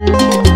you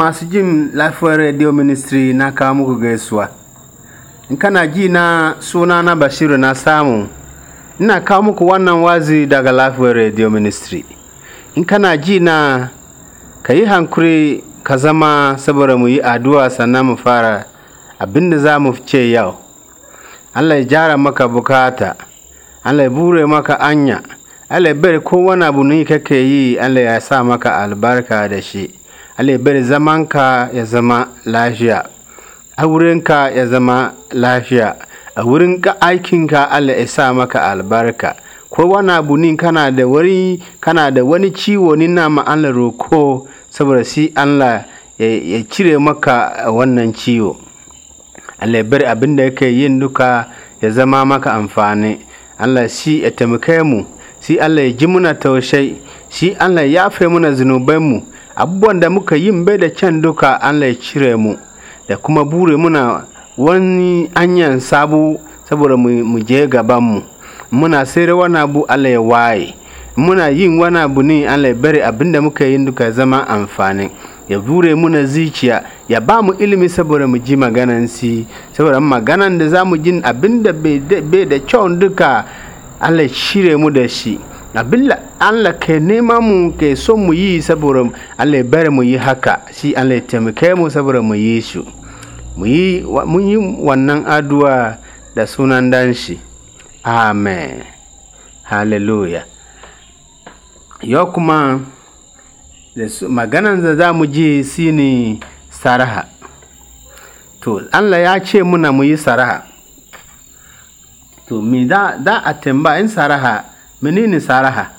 masu jin lafiyar radio ministry na kawo muku gaisuwa in kana ji na suna na bashiru na samu ina kawo muku wannan wazi daga lafiyar radio ministry in kana ji na ka yi hankuri ka zama saboda mu yi addu'a sannan mu fara abinda za mu ce yau allah ya jara maka bukata allah ya bure maka anya allah ya bari kowane abu ne kake yi allah ya sa maka albarka da shi Allah ya bari zamanka ya zama lafiya a wurinka ya zama lafiya a wurin aikinka Allah ya sa maka albarka ko wani abu ne kana da wani kana da wani ciwo ni na ma Allah roko saboda si Allah ya cire maka wannan ciwo Allah ya bari abin da yake yin duka ya zama maka amfani Allah si ya taimake mu si Allah ya ji muna taushai si Allah ya yafe muna mu. abubuwan da muka yin bai da can duka Allah ya cire mu da kuma bure muna wani anyan sabu saboda mu je gabanmu muna sere wani abu Allah ya waye muna yin wani abu ne Allah ya bari abinda muka yin duka zama amfani ya bure muna zuciya ya ba mu ilimi saboda mu ji maganansi si saboda maganan da za mu jin abinda bai da kyau duka Allah ya cire mu da shi na an la ke nema mu ke so mu yi saboda Allah ya mu yi haka shi Allah ya taimake mu saboda mu yi shi mu yi wannan addu'a da sunan danshi amen hallelujah yau kuma maganan da za mu ji shi saraha to Allah ya ce muna mu yi saraha to me da a tamba in saraha menene saraha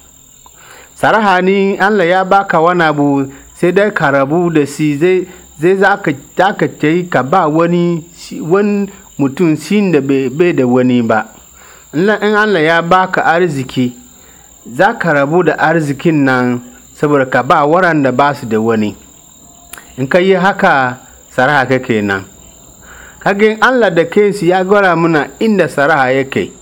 saraha ni allah ya baka wani abu sai dai ka rabu da shi zai za ka ce ka ba wani wani mutum da bai da wani ba in allah ya baka arziki za ka rabu da arzikin nan saboda ka ba da ba su da wani in ka yi haka saraha kake nan kage allah da kansu ya gwara muna inda saraha yake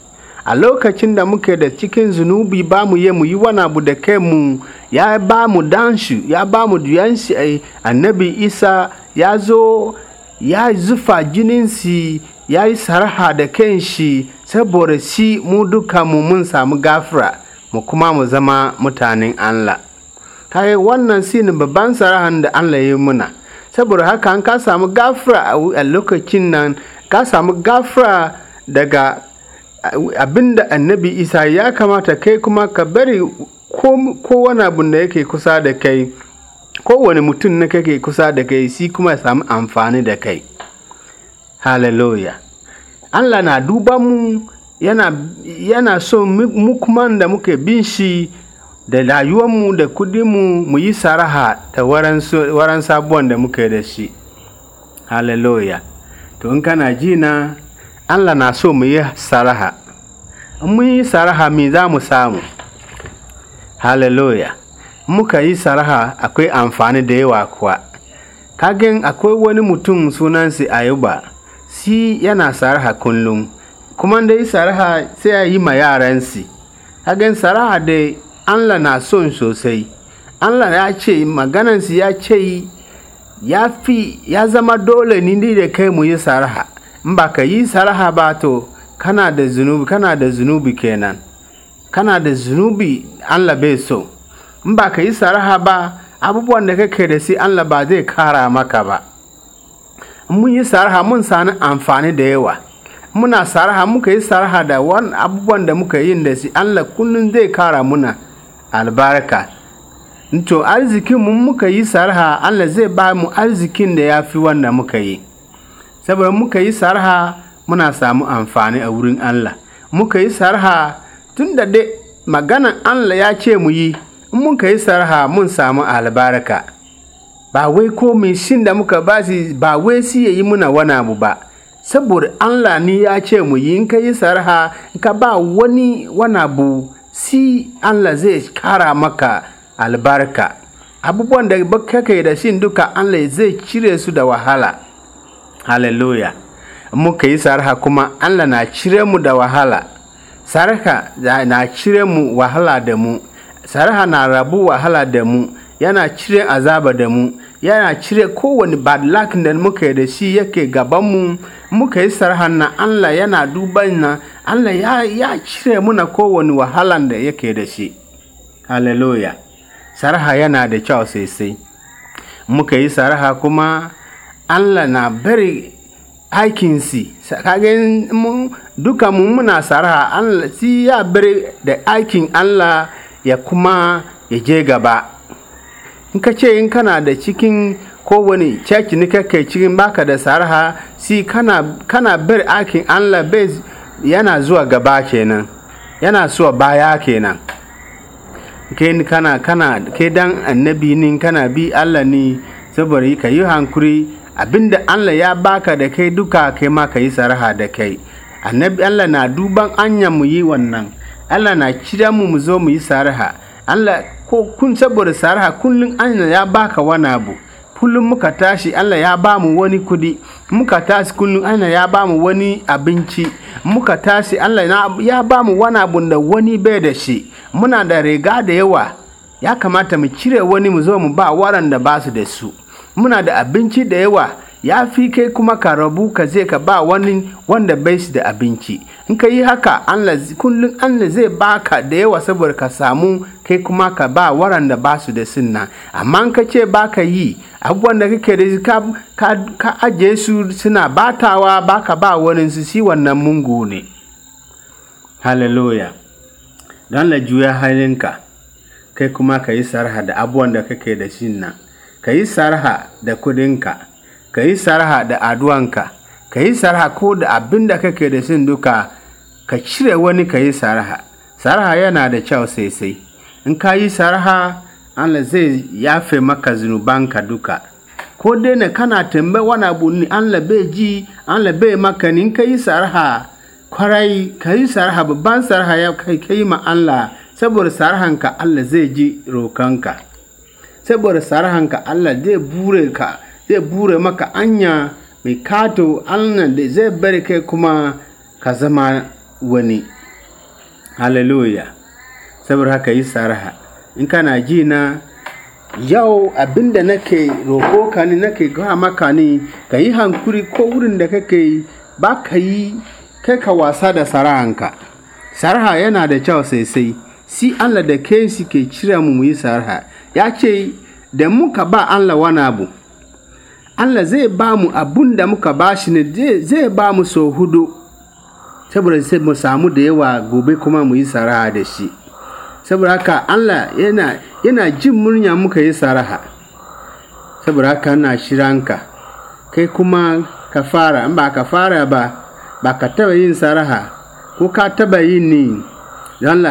a lokacin da muke da cikin zunubi ba mu yi mu yi wani abu da kai mu ya ba mu danshi ya ba mu duyanshi annabi isa ya zo ya zufa jininsi ya yi sarha da kanshi saboda shi mu duka mu mun samu gafira mu kuma mu zama mutanen Allah. Kai wannan shi ne babban sarahan da Allah ya muna. Saboda haka an ka samu gafira a lokacin nan ka samu gafira daga abinda annabi isa ya kamata kai kuma ka bari kowane abin da yake kusa da kai kowane mutum na kake kusa da kai si kuma ya samu amfani da kai hallelujah allah na duba mu yana, so mu kuma da muke bin shi da rayuwanmu da kudinmu mu yi saraha da waran sabuwan da muke da shi hallelujah to in kana ji na allah na so mu yi saraha mun yi saraha me za mu samu hallelujah muka yi saraha akwai amfani da yawa kuwa kagen akwai wani mutum sunansa ayuba si yana saraha kullum kuma da yi saraha sai ya yi ma yaransi kagen saraha da allah na son sosai allah ya ce maganansu ya ce ya fi ya zama dole ni da kai mu yi saraha in ba ka yi saraha ba to kana da zunubi kana da zunubi kenan kana da zunubi Allah bai so in ba ka yi saraha ba abubuwan da kake da si Allah ba zai kara maka ba mun yi saraha mun sani amfani da yawa muna saraha muka yi saraha da wani abubuwan da muka yi da si Allah kullum zai kara muna albarka to arzikin mun muka yi sarha Allah zai ba mu arzikin da ya fi wanda muka yi saboda muka yi sarha muna samu amfani a wurin Allah muka yi sarha tun da dai maganan Allah ya ce mu yi in muka yi sarha mun samu albarka ba wai komai shin da muka ba shi ba wai si ya yi muna wani abu ba saboda Allah ni ya ce mu yi in ka yi sarha ka ba wani wani abu si Allah zai kara maka albarka abubuwan da kake da shin duka Allah zai cire su da wahala hallelujah muka yi sarha kuma Allah na cire mu da wahala sarha na cire mu wahala da mu sarha na rabu wahala da mu yana cire azaba da mu yana cire kowane bad luck da muka da shi yake mu muka yi sarhan na Allah yana duban na Allah ya, ya cire muna kowane wahala da yake da shi hallelujah sarha yana da kyau sosai muka yi sarha kuma Allah na bari aikinsi mu duka mu muna saraha Allah si ya bar da aikin Allah ya kuma ya je gaba in ka ce in kana da cikin kowane caki ni kakai cikin baka da saraha si kana kana bar aikin Allah bai yana zuwa gaba kenan yana zuwa baya kenan ke kana kana ke dan annabi ne kana bi Allah ne saboda ka yi hankuri abinda Allah ya baka da kai duka kai ma ka yi saraha da kai annabi Allah na duban anya mu yi wannan Allah na kira mu mu zo mu yi saraha Allah ko kun saboda saraha kullum Allah ya baka wani abu kullum muka tashi Allah ya ba mu wani kudi muka tashi kullum Allah ya ba mu wani abinci muka tashi Allah ya ba mu wani abu da wani bai da shi muna da riga da yawa ya kamata mu cire wani mu zo mu ba da ba su da su muna da abinci da yawa ya fi kai kuma ka rabu ka zai ka ba wani wanda bai su da abinci in ka yi haka kullum allah zai ba ka da yawa saboda ka samu kai kuma ka ba waranda ba su da sinna amma in ka ce ba ka yi abubuwan da kake da ka, ka, ajiye su suna batawa ba ka ba wani su si wannan mungu ne hallelujah don la juya halinka kai kuma ka yi sarha da abubuwan da kake da sinna ka yi sarha da kudinka ka yi sarha da addu'anka ka yi sarha ko da abin da kake da sin duka ka cire wani ka yi sarha sarha yana da kyau sosai in ka yi sarha Allah zai yafe maka zunubanka duka ko daina kana tambaye wani abu ni Allah bai ji Allah bai maka ni in ka yi sarha kwarai ka yi sarha babban sarha ya kai ma Allah saboda sarhanka Allah zai ji rokanka saboda sarahanka Allah zai bure ka zai bure maka anya mai kato Allah da zai bari kai kuma ka zama wani hallelujah saboda haka yi saraha in kana ji na yau abinda nake roƙo ka ne nake ga maka ne ka yi hankuri ko wurin da kake ba ka yi kai ka wasa da sarahanka saraha yana da kyau sai sai si Allah da kai ke cire mu mu yi saraha ya ce da muka ba Allah wani abu Allah zai ba mu abun da muka ba shi ne zai ba mu so hudu saboda sai mu samu da yawa gobe kuma mu yi saraha da shi saboda haka Allah yana yana jin murya muka yi saraha saboda haka na shiranka kai kuma ka fara in ba ka fara ba ba ka taba yin saraha ko ka taba yin ni don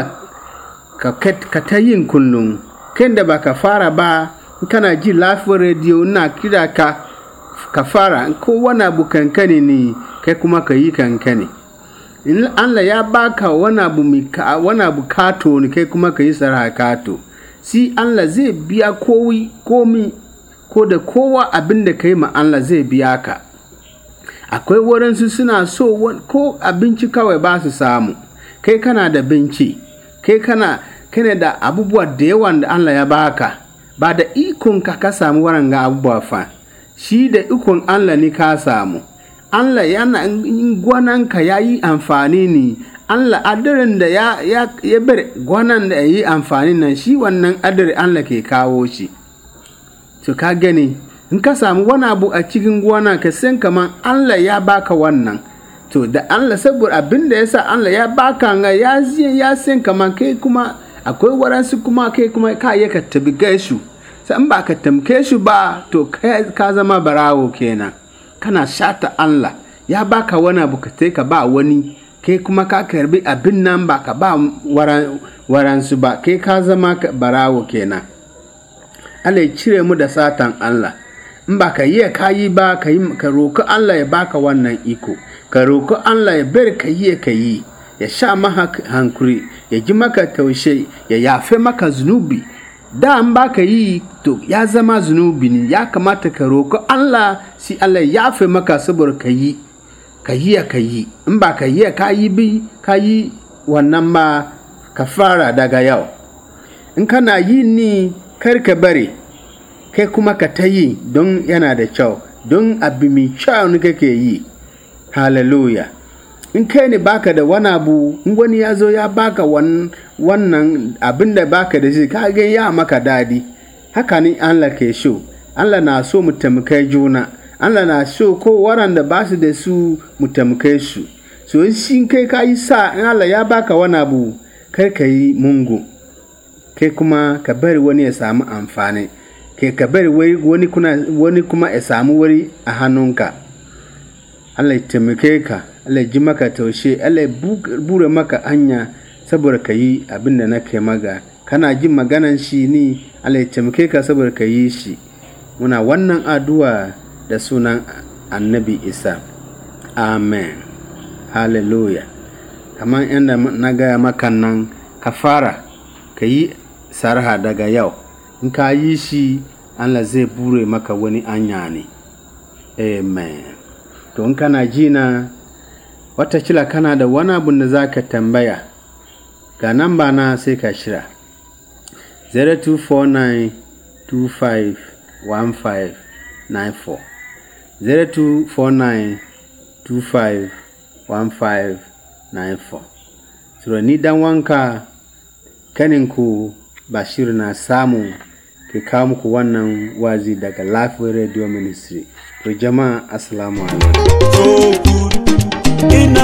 ka ta yin kullum kan da baka fara ba kana ji lafiyar rediyo na kira ka ka fara ko wani abu kankani ne kai kuma ka yi kankani in Allah ya baka wani abu wani abu kato ne kai kuma ka yi sara kato si Allah zai biya kowi komi ko da kowa abin da kai ma Allah zai biya ka akwai waransu suna so ko abinci kawai ba su samu kai kana da binci kai kana kana da abubuwa da yawan da Allah ya baka ba da ikon ka ka samu waranga abubuwa fa shi da ikon Allah ne ka samu Allah yana in ka ya yi amfani ne Allah adarin da ya ya, ya bar gwanan da ya yi amfani nan shi wannan adari Allah ke kawo shi to ka gani in ka samu wani abu a cikin gwana ka san kaman Allah ya baka wannan to da Allah saboda abin da yasa Allah ya baka nga ya ya san kaman kai kuma akwai waransu kuma kai kuma ka iya ka tabi su, sai in ba ka tamke su ba to ka zama barawo kenan kana shata Allah ya baka wani abu ka ka ba wani kai kuma ka karbi abin nan ba ka ba waransu ba kai ka zama barawo kenan Allah ya cire mu da satan Allah in ba ka yi ka yi ba ka yi ka roki Allah ya baka wannan iko ka roki Allah ya bar ka yi ka yi ya sha maha hankuri ya ji maka taushe ya yafe maka zunubi da an baka yi to ya zama zunubi ne ya kamata ka roko Allah si Allah ya yafe maka saboda ka yi ka yi ya ka yi in ba ka yi ya ka yi bi ka yi wannan ma ka fara daga yau in kana yi ni kar ka bari kai kuma ka ta yi don yana da kyau don abu mai kyau ne kake yi hallelujah in kai ne baka da wani abu in wani ya zo ya baka wannan abin da baka da shi ka ga ya maka dadi haka ne Allah ke so Allah na so mu taimakai juna Allah na so ko waranda ba su da su mu taimakai su so in shi kai ka yi sa in Allah ya baka wani abu kai ka yi mungu kai kuma ka bari wani ya samu amfani kai ka bari wani kuma ya samu wuri a hannunka Allah ya taimake ka Allah ya ji maka taushe Allah ya bure maka hanya saboda ka yi abin da na kai maga kana jin maganan shi ni Allah ya taimake ka saboda ka yi shi muna wannan addu'a da sunan annabi isa amen hallelujah kamar yadda na gaya maka nan ka fara ka yi sarha daga yau in ka yi shi Allah zai bure maka wani anya ne amen to in kana ji na watakila kana da wani abu da za ka tambaya ga nan ba na sai ka shira 0249251594 0249251594 surani dan wanka kaninku bashir na samu ke kawo muku wannan wazi daga Life Radio Ministry. To jama'a assalamu alaikum.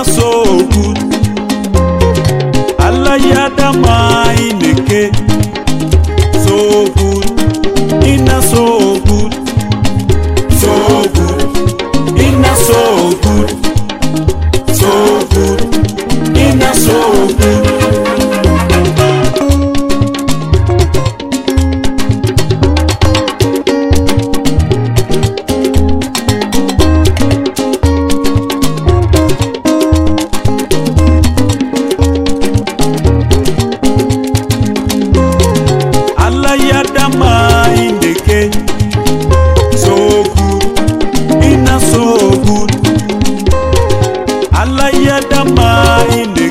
So good, Allah ya dama inike. So good, ina so good. So good, ina so good. So good, ina so good. binadamu ini